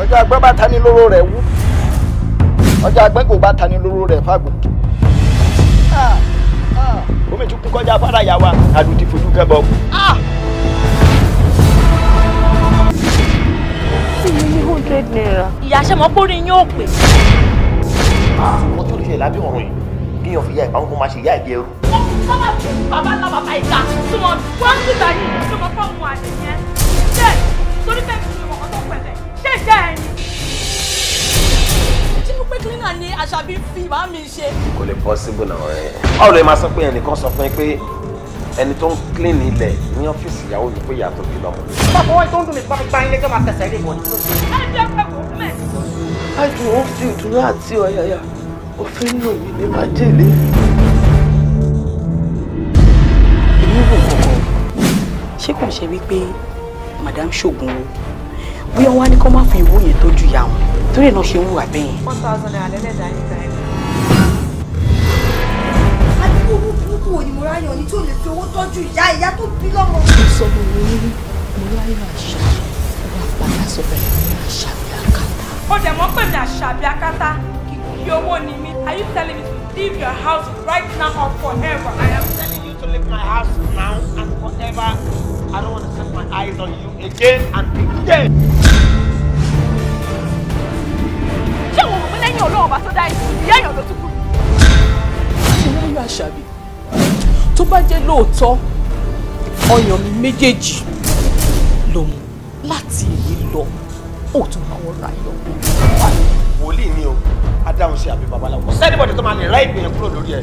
ọjọ́ agbẹ́ bá tani lóró rẹ̀ wú ọjọ́ agbẹ́ kò bá tani lóró rẹ̀ fàgbọ́. omi tún kún kọjá fara yà wa àdùn ti fojú kẹ́bọ̀. hundred naira. ìyá ṣe mọ́ pórí yín ò pé. àwọn tó lè ṣe lábẹ́ ọ̀rọ̀ yìí kéèyàn fi ya ìpamọ́ kó máa ṣe ìyá ìgbẹ́ ẹrú. wọ́n fi sábà fi bàbá ńlá bàbá ìka tí wọ́n wá ń ni àṣàbí fi màá mi ṣe. kò lè possible náà ẹ ọ lè máa sọ pé ẹnìkan sọ fún ẹ pé ẹni tó ń clean ilẹ̀ ní ọ́fíìsì ìyàwó ni pé ìyá tó bí lọ́mọ. báwo wọ́n tó ń dùn mí bá mi gbá ilé kí wọ́n máa tẹ̀sẹ̀ lé wọn. ẹ jẹ́ pẹ́ kò mẹ́. àìdùn ó fi ìdúró àti ọ̀yàyà òfin lò mí ní májèlé. èmi wò kọ̀ọ̀kan ṣé kò ń ṣe wípé madam ṣoògùn o bóyá wọn á ní kó má fi owó yẹn tọ́jú ìyá wọn torí ẹ̀ náà ṣe ń wà bẹ́ẹ̀. one thousand naira lẹ́lẹ́dàá yín ta ẹ̀. àti owó burúkú wo ni mo ráyàn ní tí ò lè fi owó tọ́jú ìyá ìyá tó bí lọ́mọ. mo sọ mo wo orí mo ráyàn àṣà mo wá padà sọ bẹ́ẹ̀ ní àṣà bí akátá. ó dẹ̀ mọ́ pè mí àṣà bí akátá kìkì owó ni mi are you telling me to leave your house right now or forever. I am telling you to leave my house now and forever. I don't want to set my eyes on you again and again. àṣàbí tó bá jẹ́ lóòótọ́ ọyàn mi méjèèjì ló mú láti èyí lọ ó tún máa wọ́n ra yọ. wòlíì ni o adáhùn ṣe àbí babaláwo sẹ́ni bọ̀dẹ̀ tó máa lè ra ìgbìyànjú kúrò lórí ẹ̀.